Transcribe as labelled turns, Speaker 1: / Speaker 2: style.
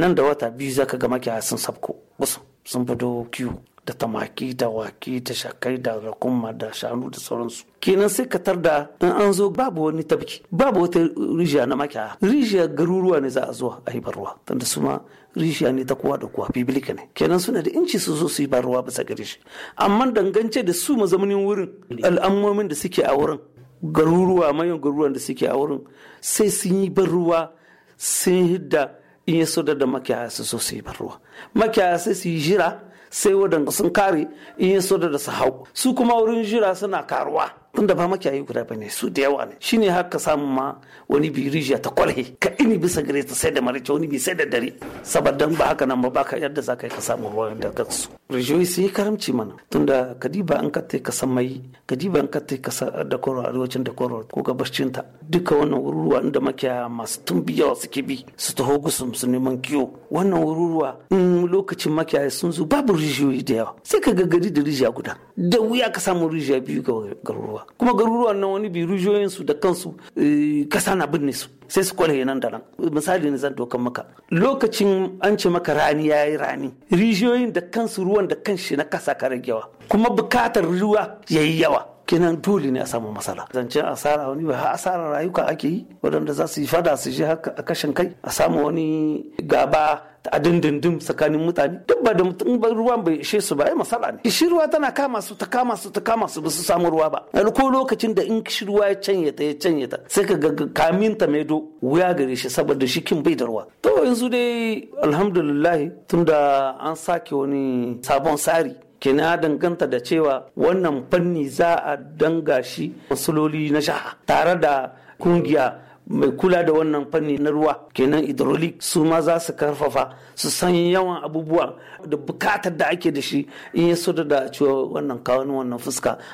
Speaker 1: nan da wata biyu za zaka ga makiyaya sun sabko busu sun fito kiwo da tamaki da waki da shakai da rakuma da shanu da sauransu kenan sai ka tarda in an zo babu wani tabki babu wata rijiya na makiya rijiya garuruwa ne za a zuwa a yi barwa tunda su ma rijiya ne ta kowa da kowa bibilika ne kenan suna da inci su zo su yi barwa bisa gare shi amma dangance da su mazaunin wurin al'ammomin da suke a wurin garuruwa mayan garuruwan da suke a wurin sai sun yi barwa sun hidda in ya so da makiyaya su so su yi ruwa makiyaya sai su yi jira sai wadanda sun kare in ya so da su hau su kuma wurin jira suna karuwa tunda ba makiyayi guda ba ne su da yawa ne shine haka samu ma wani bi rijiya ta kwalhe ka ini bisa gare ta sai da marice wani bi sai da dare saboda ba haka nan ba baka yadda za ka yi ka samu ruwa da kansu rijiyoyi sun yi karamci mana tunda kadiba an ka ka san kadiba an ka ka san da koro arewacin da koro ko gabashin ta duka wannan wururuwa inda makiyaya masu tumbi yawa suke bi su taho gusum su neman kiwo wannan wururuwa in lokacin makiyaya sun zo babu rijiyoyi da yawa sai ka ga gari da rijiya guda da wuya ka samu rijiya biyu ga ruwa kuma garuruwan nan wani rijiyoyin su da kansu eh, kasa na binne su sai su kwale nan da nan misali ne zan dokan maka lokacin an ce maka rani ya yi rani rijiyoyin da kansu ruwan da kanshi na kasa ka ragewa kuma bukatar ruwa ya yi yawa kenan dole ne a samu matsala zancen asara wani ba asarar rayuka ake yi waɗanda za su yi fada su je haka a kashin kai a samu wani gaba a dindindin tsakanin mutane duk ba da ruwan bai ishe su ba ai masala ne ishi ruwa tana kama su ta kama su ta kama su ba su samu ruwa ba a ko lokacin da in ruwa ya canye ta ya canye ta sai ka ga kamin ta do. wuya gare shi saboda shi kin bai da ruwa to yanzu dai alhamdulillah tunda an sake wani sabon tsari kena na danganta da cewa wannan fanni za a danga shi masuloli na sha tare da kungiya mai kula da wannan fanni na ruwa kenan hydraulic su ma za su karfafa su san yawan abubuwa da bukatar da ake da shi in ya so da cewa wannan kawo wannan fuska